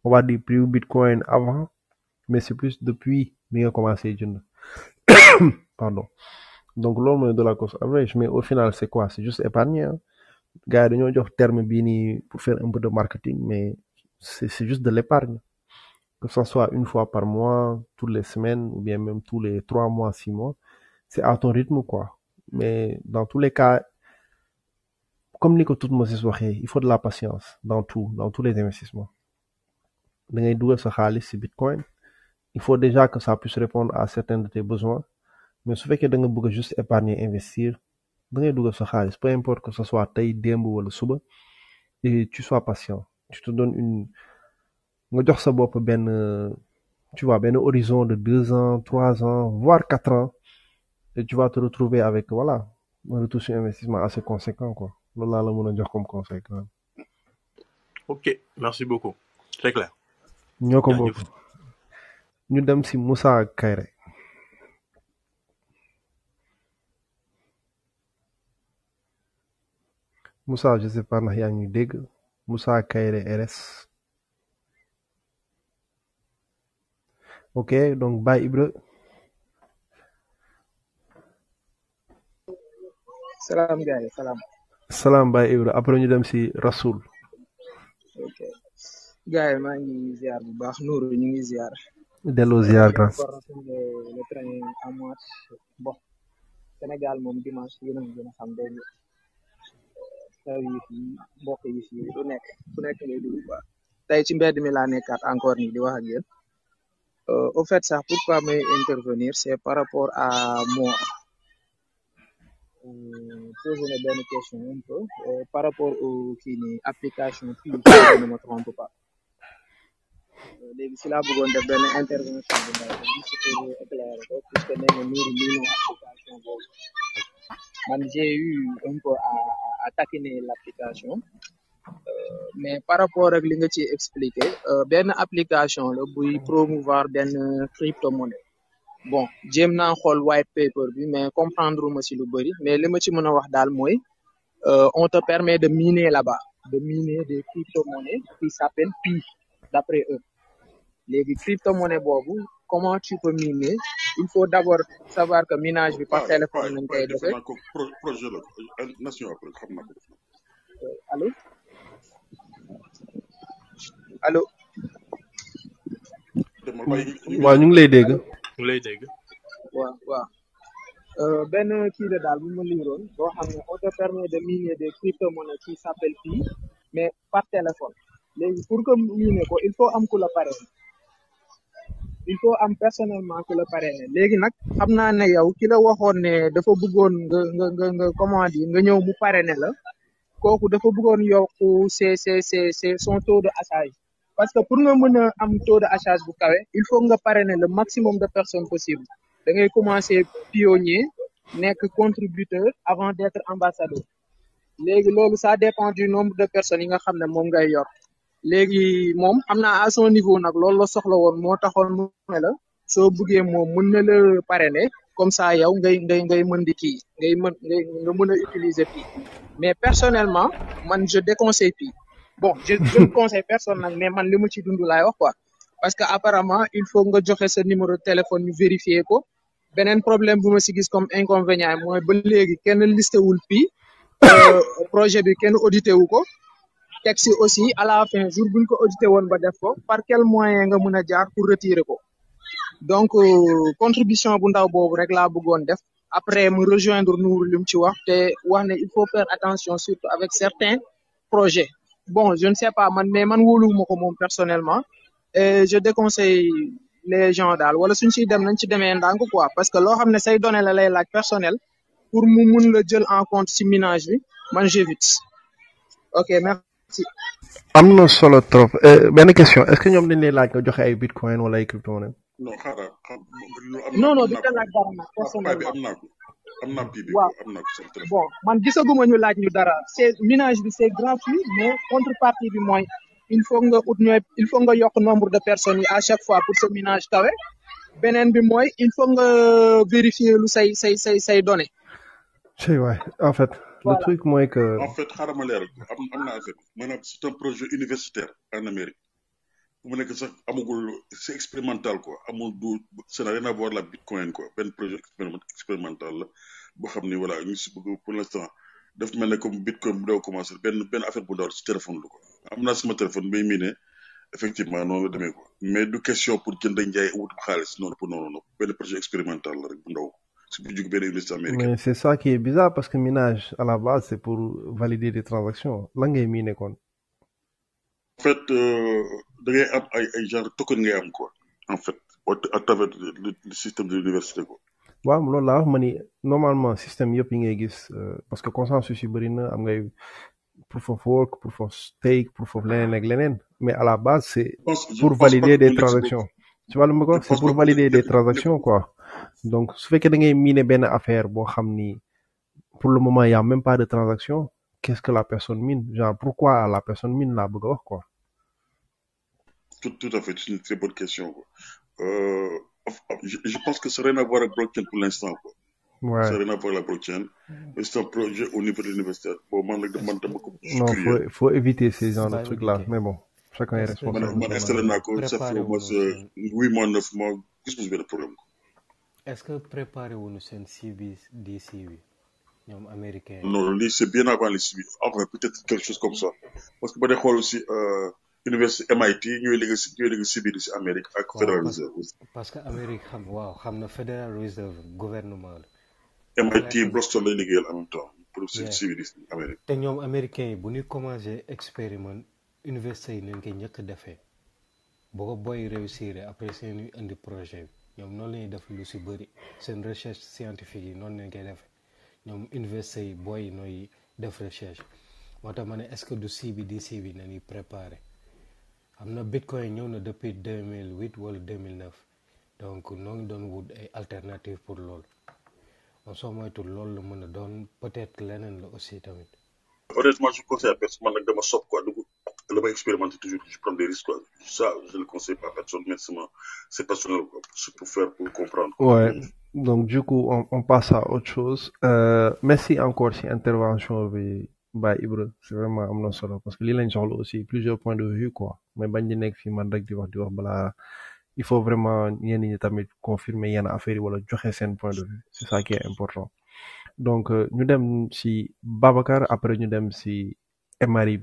on va dire prix bitcoin avant mais c'est plus depuis bi nga commencé jënd pardon donc loolu mooy dollar cost average mais au final c'est quoi c'est juste épargne gars yi dañoo jox terme bii nii pour faire un peu de marketing mais c'est c'est juste de l'épargne que ça soit une fois par mois toutes les semaines ou bien même tous les trois mois six mois c'est à ton rythme quoi mais dans tous les cas comme ni ko Toutmoses waxee il faut de la patience dans tout dans tous les investissements da ngay dugal sa xaalis ci Bitcoin il faut déjà que ça puisse à certains de mais su fekkee da nga bëgg a juste épargner investir da ngay dugal sa xaalis peu importe que ce soit tey démb wala suba et tu sois patient tu te donnes une nga jox sa bopp benn tu vois benn horizon de deux ans trois ans voire quatre ans et tu vas te retrouver avec voilà un retour sur investissement assez conséquent quoi loolu laa la mën a jox comme conseil quand même. ok merci beaucoup très ko bokk dem si Moussa Kayre. Moussa Josépha ndax yaa ngi dégg Moussa Kairé RS ok donc Baye Ibra salaam gaay salaam. salaam Baye Ibra après ñu dem si Rasoul. ok gars maa ngi ziar bu baax Nourou ñu ngi ziar. delloo ziar grand. Sénégal moom dimanche yéen xam service yi ci nekk fu tey ci mbedd mi laa nekkaat encore ni di wax ak yéen euh, au fait sax pourquoi may intervenir c'est par rapport à moi euh, poser benn question un peu euh, par rapport au kii ni application fii ne me trompe pas léegi si laa bëggoon def benn intervention bu ndaw ko un peu à taquiner l'application euh, mais par rapport ak li nga ci expliquer euh, benn application la buy promouvoir benn crypto bon jéem naa xool white paper bi mais comprendre ma ci lu bëri mais li ma ci mën a wax daal mooy euh, on te permet de miner là-bas de miner des crypto-monnaies qui s'appellent Pi d'après eux léegi crypto-monnaie boobu comment tu peux miner il faut d'abord savoir que minage bi par téléphone lañ koy defee projet la euh, national xam na ko euh, lay dégg ñu lay waaw waaw euh, benn kii daal bu ma liiroon boo xam ne on te permet de miner des cryptomonnaies qui s'appellent mais par téléphone léegi pour que miner ko il faut am ku la pare il faut am personnellement ku la parrainé léegi nag xam naa ne yow ki la waxoon ne dafa bëggoon nga nga nga nga commande yi nga ñëw mu parrainé la kooku dafa bëggoon yokku ses ses ses son taux de hachage parce que pour nga mën a am taux de hachage bu kawe il faut nga parrainer le maximum de personnes possible da ngay commencer pionnier nekk contributeur avant d'être ambassadeur léegi loolu ça dépend du nombre de personnes yi nga xam ne moom ngay yor léegi moom xam naa à nag loolu la soxla woon moo taxoon mu ne la soo buggee moom mën na la parrainer comme ça yow ngay ngay ngay mën di kii ngay mën nga mën a utiliser Pi mais personnellement man je déconseille Pi bon je je conseille personne nag mais man li ma ci dund laay wax quoi parce que apparemment il faut nga joxe sa numéro téléphone ñu vérifier ko benen problème bu ma si gis comme inconvénient mooy ba léegi kenn listé wul Pi euh, projet bi kenn audité wu ko. teg si aussi à la fin jour buñ ko audité woon ba def ko par quel moyen nga mën a jaar pour retirer ko donc euh, contribution bu ndaw boobu rek laa bëggoon def après mu rejoindre nu li mu ci wax te wax ne il faut faire attention surtout avec certains projets bon je ne sais pas man mais man wóoluwuma ko moom personnellement et je déconseille les gens daal wala suñ siy dem nañ ci demee ndànk quoi parce que loo xam ne say données la lay laaj personnel pour mu mun la jël en compte si minage bi man j'évite ok am na solo trop eh, benn question est-ce que ñoom dañ lay laaj nga joxe ay bitcoin wala ay cryptomonnaie. non xaaral non non am naa ko am naa ko waaw ñu laaj ñu dara c'est minage bi c'est gratuit mais contrepartie bi mooy il faut nga ut ñooy il faut nga yokk nombre de personnes yi à chaque fois pour sa minage kawe beneen bi mooy il faut nga euh, vérifier lu say say say say données. waay en fait. le truc mooy que. en fait xaaral ma leeral am am naa affaire maanaam c'est un projet universitaire en Amérique bu mu nekk sax amagul c'est expérimental quoi amul du ça n'a rien à voir la bitcoin quoi benn projet expérimental la boo xam ni voilà ñu si bëgg pour l'instant daf mel ne comme bitcoin bu daw commencé benn benn affaire bu ndaw si téléphone la quoi. am naa sama téléphone bay mii ne effectivement no la demee quoi mais du question pour jënd njaay wut xaalis noonu pour noonu noonu projet expérimental rek bu ndaw. bu jug benn église américaine. mais c'est ça qui est bizarre parce que minage à la base c'est pour valider des transactions lan ngay mii nekkoon. en fait euh, da ngay am ay ay genre ngay am quoi en fait à travers le système de l'université quoi. waaw loolu laa wax ma ni normalement système yëpp yi ngay gis euh, parce que consensus yu bëri na am ngay pour of work proof of stake proof of leneen ak leneen mais à la base c'est pour valider des transactions. ci wàllum ko c'est pour valider des transactions quoi. donc su fekkee da ngay miine benn affaire boo xam ni pour le moment y a même pas de transaction qu'est-ce que la personne mine genre pourquoi la personne mine laa bëgg a quoi. Euh, je, pense que ça n'a rien à pour l'instant quoi. Ouais. Ça la blockchain. C'est un projet au niveau de l'université. Bon, man, man, non, faut, faut éviter ces genres de trucs-là. Mais bon, chacun est responsable. Man, man, installé euh, naa ko, ça fait est-ce que préparé wuñu seen CBDC bi ñoom américain non lii c'est bien avant les CBDC enfin peut-être quelque chose comme ça parce que ba dee xool aussi euh, université MIT ñooy ak Federal Reserve que Amérique xam waaw xam na Federal gouvernement la MIT Boston lay te ñoom américains yi bu ñuy commencé expériment université yi nañ koy ñëkk defee boo booy réussir après seeni indi projet ñoom noonu la ñuy def lu si bëri seen recherche scientifique yi noonu lañ koy defee ñoom université yi booy nooy def recherche moo ma ne est-ce que du CBDC bi nañuy préparé am na bitcoin ñëw na depuis 2008 wala 2009 donc noo ngi doon wut ay alternative pour loolu moom soo moytul loolu la mën a doon peut-être leneen la aussi tamit. honnêtement man nag dama sopp damay expérimenter toujours je prends des risques à personne c'est personnel pour faire pour comprendre. Quoi. ouais coup on, on passe à autre chose euh, merci encore si intervention bi Baye Ibra c'est vraiment am na solo parce que lii lañ soxla aussi plusieurs points de vue quoi mais bañ di nekk fi man rek di wax di wax bala il faut vraiment ñenn ñi tamit confirmer yenn affaire yi wala joxe seen point de vue c'est ça qui est important donc euh, ñu dem si Babacar après ñu dem si Emery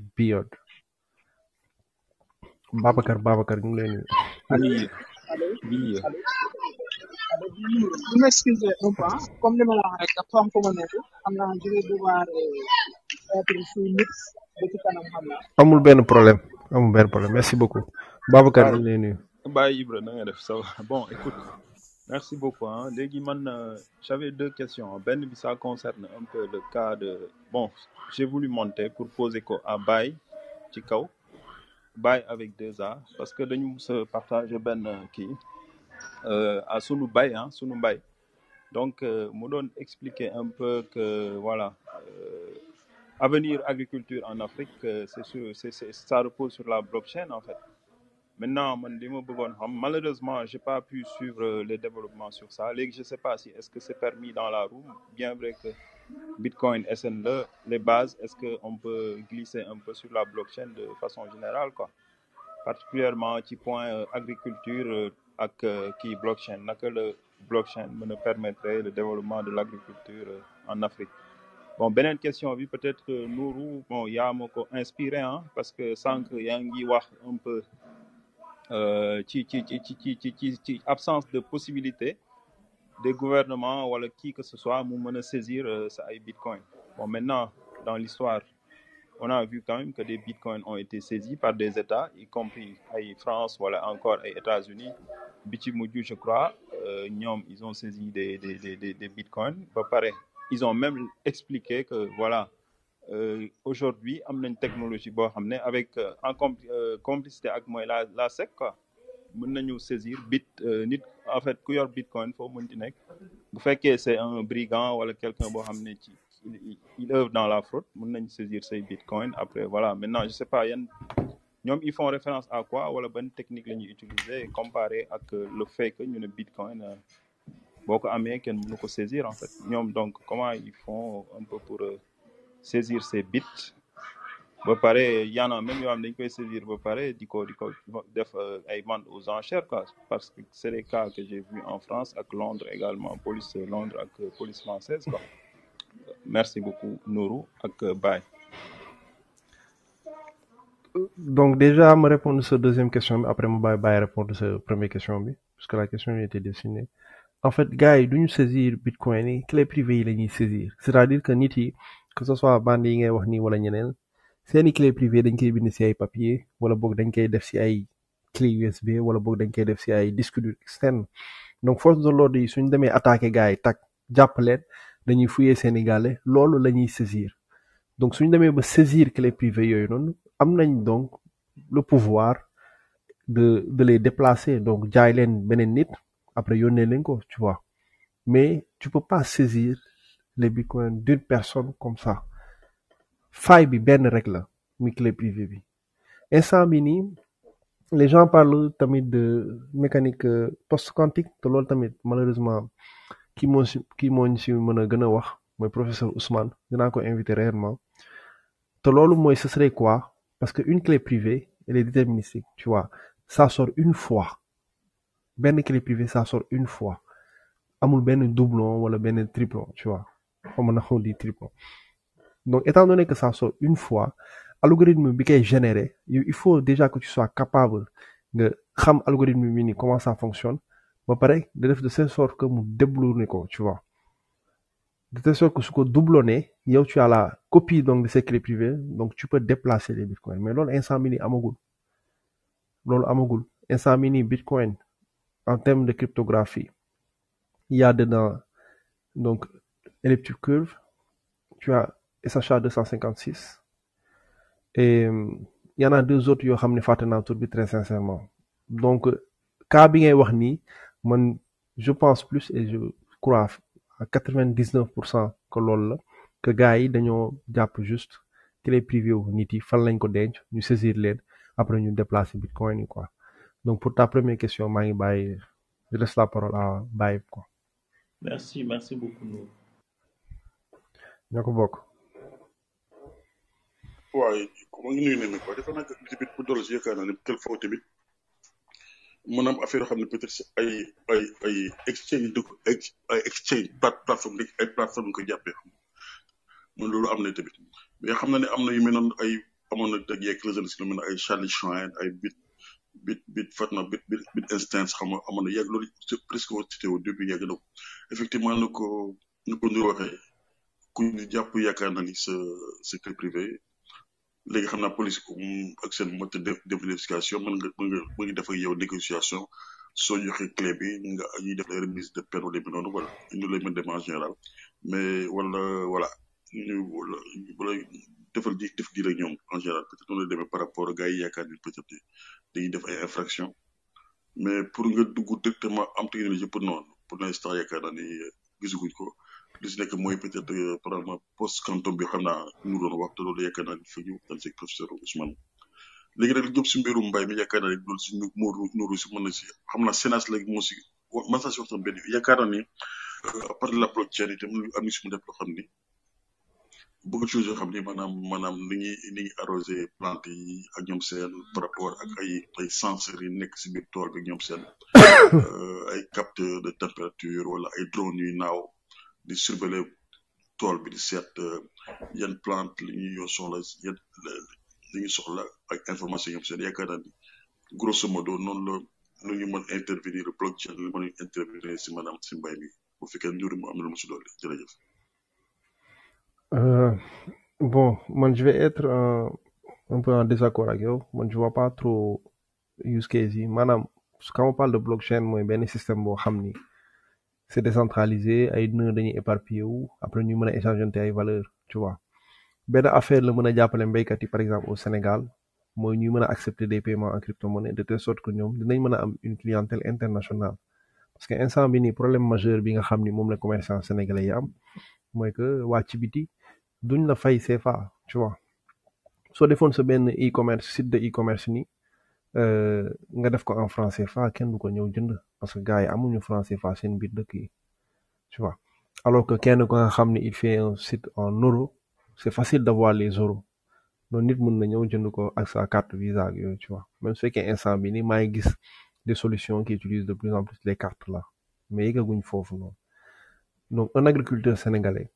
Babacar Babacar ñu ngi lay nuyu. amul benn problème amul benn problème merci beaucoup Babacar ñu ngi lay nuyu. Baye Ibra na def ça bon écoute merci beaucoup ah léegi man euh, j'avais deux questions benn bi ça concerne un peu le cas de bon j'ai voulu monter pour poser ko à Baye ci kaw. Baye avec deux A parce que dañu mës a partagé benn kii euh, à sunu bay ah sunu mbay donc euh, mu doon expliquer un peu que voilà euh, avenir agriculture en Afrique euh, c'est sur c'est c'est ça repose sur la blockchain en fait maintenant man li ma bëggoon xam malheureusement j'ai pas pu suivre les développements sur ça léegi je sais pas si est-ce que c'est permis dans la room bien vrai que Bitcoin SN le les bases est-ce que on peut glisser un peu sur la blockchain de façon générale quoi particulièrement ci point euh, agriculture euh, ak euh, kii blockchain naka la blockchain mën a permettrait le développement de l'agriculture en Afrique bon beneen question bi peut-être Nourou bon yaa ma ko inspiré parce que sànq yaa ngi wax un peu ci ci ci ci ci ci absence de possibilité des gouvernements wala qui que ce soit mu mën a saisir euh, sa ay bitcoin bon maintenant dans l'histoire on a vu quand même des bitcoins ont été saisis par des États y compris ay France wala encore ay États-Unis bi ci mujj je crois euh, ñoom ils ont saisi des des des des bitcoins ba pare ils ont même expliqué que voilà Euh, aujourd'hui am nañ technologie boo xam ne avec euh, en complicité ak mooy la la SEC quoi mën nañu saisir bit nit en fait ku yor bitcoin foo mën di nekk bu fekkee c'est un brigand wala quelqu'un boo xam ne ci il œuvre dans la fraude mun nañ saisir say bitcoin après voilà maintenant je sais pas ñoom ils font référence à quoi wala ban technique la ñuy utiliser comparé ak le fait que ñu ne bitcoin euh, boo ko amee kenn mënu ko saisir en ñoom donc comment ils font un pour euh, saisir ces bits ba pare y'en a même am xam ne dañ koy servir ba pare di ko di ko def euh, ay ventes aux enchères quoi parce que c'est les cas que j'ai vu en France ak Londres également police Londres ak police française quoi merci beaucoup Nourou ak euh, Baye donc déjà ma répondre sa deuxième question bi après ma bàyyi répondre sa première question bi parce que la question était destinée en fait gars yi du ñu saisir bitcoin yi clé privée yi la saisir c'est-à-dire que nit yi que ce yi ngay wax nii wala ñeneen seeni clé privé dañ koy bind si ay papier wala boog dañ koy def si ay clé USB wala boog dañ koy def si ay disque dur externe donc force de l'ordre yi suñ demee attaqué gars yi takk jàpp leen dañuy fuyee seeni gaale loolu la ñuy saisir donc suñ demee ba saisir clé privé yooyu noonu am nañ donc le pouvoir de de les déplacer donc jaay leen beneen nit après yónnee leen ko tu mais tu peux pas saisir les bitcoins d'une personne comme ça faille bi benn rek la muy clé privée bi instant bi nii les gens parlent tamit de mécanique euh, post quantique te loolu tamit malheureusement ki moo si ki moo si mën a gën a wax mooy professeur Ousmane dinaa ko invité réellement te loolu mooy ce serait quoi parce que une clé privée elle est déterministique tu vois ça sort une fois benn clé privée ça sort une fois amul benn doublon wala benn triplon tu vois xaw ma na xaw di triplon Donc, étant donné que ça sort une fois, algorithme bi koy générer il faut déjà que tu sois capable nga xam algorithme bi ni comment ça fonctionne ba pare nga def de telle sorte que mu déboulonné ko tu vois de telle sorte su ko doublonné yow tu as la copie donc de ces clés privées donc tu peux déplacer les bitcoins mais loolu instant mini amagul loolu amagul instant mini bitcoin en terme de cryptographie il y a dedans donc curve tu as SHA 256 et euh, y en a deux autres yoo xam ne fàtte naa tur bi très sincèrement donc cas bi ngay wax nii man je pense plus et je crois à quatre vingt pour cent que loolu la que gars yi dañoo jàpp juste clé privée wu nit yi fan lañ ko denc ñu saisir leen après ñu déplacer bitcoin yi quoi donc pour ta première question maa ngi bàyyi je laisse la parole à Baye quoi. ñoo ko bokk. waaye ku ngi nuyu nañ quoi defe naa que tamit bu doole si yaakaar naa ne quelquefois tamit mën affaire yoo xam ne peut être ay ay ay exchange de ay exchange plateforme de ay ko jàppee xam nga loolu am na tamit mais xam na ne am na yu mel noonu ay amoon na ak yeeg réseau si lu mel ne ay Charlie Chain ay bit bit xam nga amoon na yàgg loolu c'est presque au cité au début na effectivement nu ko nu ko nu waxee ku ñu jàpp yaakaar na ni sa secteur privé. léegi xam naa police comme ak seen mot de vérification mën nga mën nga mën nga def ak yow négociation soo joxe clé bi nga ñuy def la remise de permis bi noonu voilà ñu lay mën dem en général mais wala voilà ñu wala wala defal di def di la ñoom en général peut être par rapport ak gars yi yaakaar peut être dañuy def ay infraction mais pour nga dugg directement am technologie pour noonu pour l'instant yaakaar naa ni euh, gisaguñ ko. li si nekk mooy peut être euh, probablement post quantum bi xam naa ñu doon wax te loolu yaakaar naa ne fi ñu waxtaan si professeur Ousmane léegi nag li jëm si mbirum mbay mi yaakaar naa ne loolu si ñu Nourou si mën na si xam naa séance léegi moo si wax mën naa si waxtaan benn yaakaar naa ni euh, à part la blockchain itam am na si mu def loo xam ni beaucoup de choses yoo xam ni maanaam maanaam ni ñuy ni ñuy arrosé plante yi ak ñoom seen par rapport ak ay ay senseurs yi nekk si biir tool bi ñoom seen euh, ay capteur de température wala ay drone yuy naaw. di surveiller tool bi di seet euh, yan plante li ñuy soxla yan li ñu soxla ak information ñoom seen yaakaar naa ni grosso modo noonu la nu ñu mën intervenir blockchain li mën si maanaam si mbay am lu mu si dolli jërëjëf. Euh, bon man je vais être un peu en ak yow man je vois pas trop use case maanaam quand on parle de blockchain mooy benn système boo xam ni. c'est décentralisé ay nœud dañuy éparpillé wu après ñu mën a échanger ay valeur tu vois benn affaire la mën a jàppale mbéykat yi par exemple au Sénégal mooy ñuy mën a accepter des paiements en crypto-monnaie de telle sorte que ñoom dinañ mën a am une clientèle internationale parce que instant bi nii problème majeur bi nga xam ni moom la commerçant sénégalais yi am mooy que waa ci biti duñ la fay CFA tu vois soo defoon sa benn i commerce site de e-commerce ni euh, nga def ko en franc kenn du ko ñëw jënd parce que gars yi amuñu franc CFA seen biir dëkk yi tu vois alors que kenn ko nga xam ne il fait un site en euro c'est facile d'avoir les euros donc nit mun na ñëw jënd ko ak sa carte visa ak yooyu tu vois même su instant bi ni maa ngi gis des solutions qui utilisent de plus en plus les cartes là mais yëgaguñ foofu noonu donc un agriculteur sénégalais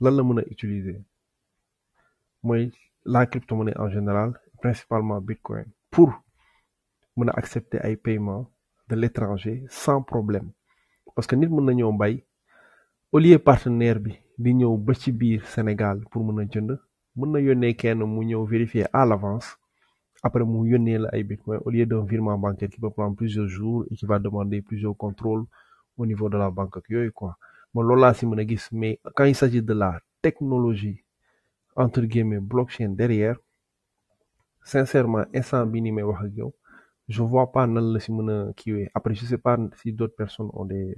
lan la mën a utiliser mooy la crypto-monnaie en général principalement bitcoin pour mën a accepter ay paiements de l'étranger sans problème parce que nit mën na ñëw mbay au lieu partenaire bi di ñëw ba ci biir Sénégal pour mën a jënd mën na yónnee kenn mu ñëw vérifier à l'avance après mu yónnee la ay bitcoin au lieu d'un virement bancaire qui peut prendre plusieurs jours et qui va demander plusieurs contrôles au niveau de la banque ak yooyu quoi ma loolu laa si mën a gis mais quand il s'agit de la technologie entre guillemets blockchain derrière sincèrement instant bi ni may wax ak yow je vois pas nan la si mën a kiiwee après je sais pas si d' autres personnes ont des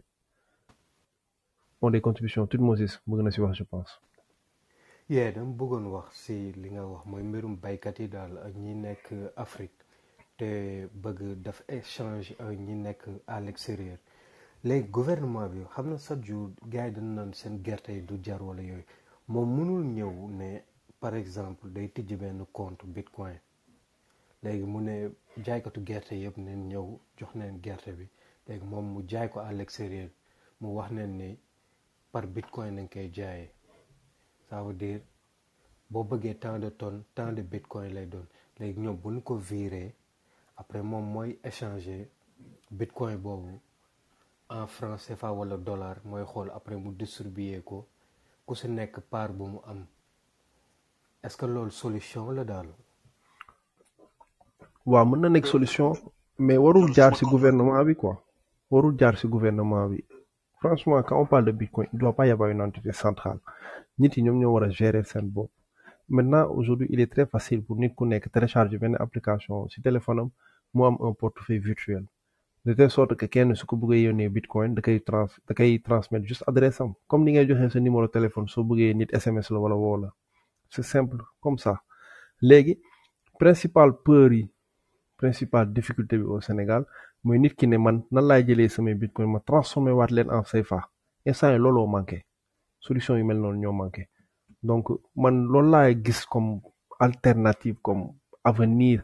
ont des contributions Tutmosis bëgg na si wax je pense. yee dama bëggoon wax si li nga wax mooy mbirum baykat yi daal ak ñi nekk Afrique te bëgg def échange ak ñi nekk à l' extérieur léegi gouvernement bi xam na chaque jour gars yi dañu naan seen gerte yi du jar wala yooyu moom mënul ñëw ne par exemple day tijji benn compte bitcoin. léegi mu ne jaaykatu gerte yëpp neen ñëw jox neen gerte bi léegi moom mu jaay ko à l'extérieur mu wax neen ni par bitcoin lañ koy jaayee ça veut dire boo bëggee temps de tonnes temps de bitcoin lay doon léegi ñoom bu ñu ko viré après moom mooy échanger bitcoin boobu en français fa wala dollar mooy xool après mu distribuer ko ku si nekk part bu mu am est-ce que loolu solution la daal. waaw mën na nekk euh, solution mais warul jaar ci gouvernement bi quoi warul jaar si gouvernement bi franchement quand on parle de bitcoin il doit pas y avoir une entité centrale nit yi ñoom ñoo war a gérer seen bopp maintenant aujourd'hui il est très facile pour nit ku nekk télécharger benn application ci téléphone am mu am un portefeuille virtuel de telle sorte que kenn su ko bëggee yónnee bitcoin da koy trans da koy transmettre juste adresse am comme ni ngay joxee sa numéro téléphone soo bëggee nit SMS la wala woo la c'est simple comme ça léegi principal yi principal difficulté bi au Sénégal mooy nit ki ne man nan laay jëlee samay bitcoin ma transformé waat leen en CFA instant yi looloo manqué solution yi mel noonu ñoo manqué donc man loolu laay gis comme alternative comme avenir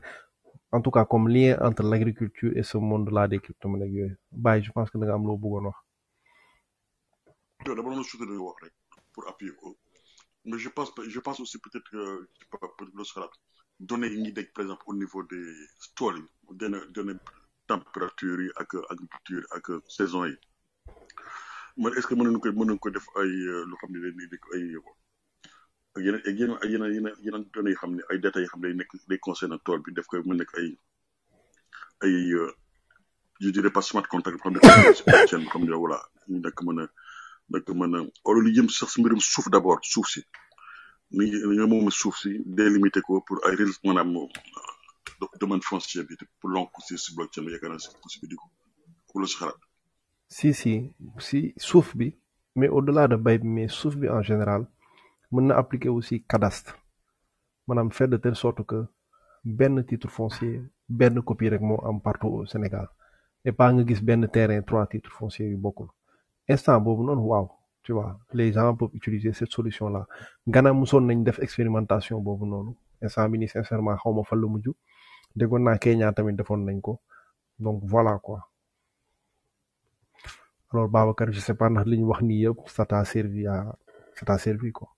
en tout cas comme lien entre l' agriculture et ce monde là des cryptomonnaies ak yooyu Baye je pense que da nga am loo bëggoon wax. dama doon soutenir wax données yi ñuy dégg par exemple au niveau des tool yi dina dina température yi ak agriculture ak saison yi man est-ce que mën nañu koy mën nañu ko def ay euh, loo xam ne dañuy dégg ay euh, yeneen ak yeneen ak yeneen yeneen yeneen données yi xam ne ay détails yi xam ne day nekk day concerné tool bi def koy mu nekk ay ay euh, je dirais pas smart contact xam ne xam ne voilà ñu nekk mën a nekk mën a wala lu jëm sax si mbirum suuf d'abord suuf si. mi ngi moom suuf si délimité ko pour ay réel maanaam euh, domaine foncier bi pour lonk si si blockchain bi yaakaar naa si possibilité ko ku si si si suuf bi mais au delà de bay bi mais suuf bi en général mën na appliquer aussi cadastre maanaam faire de telle que benn titre foncier benn copie rek moo am partout au Sénégal et pas nga gis benn terrain trois titres fonciers yu bokkul instant boobu noonu waaw. tu vois les gens peuvent utiliser cette solution là Ghana musoon nañ def expérimentation boobu noonu instant bi ni sincèrement xaw ma fan la mujj déggoon naa Kenya tamit defoon nañ ko donc voilà quoi alors Babacar je sais pas ndax li ñu wax nii yëpp ça t'a servi à ça t'a servi quoi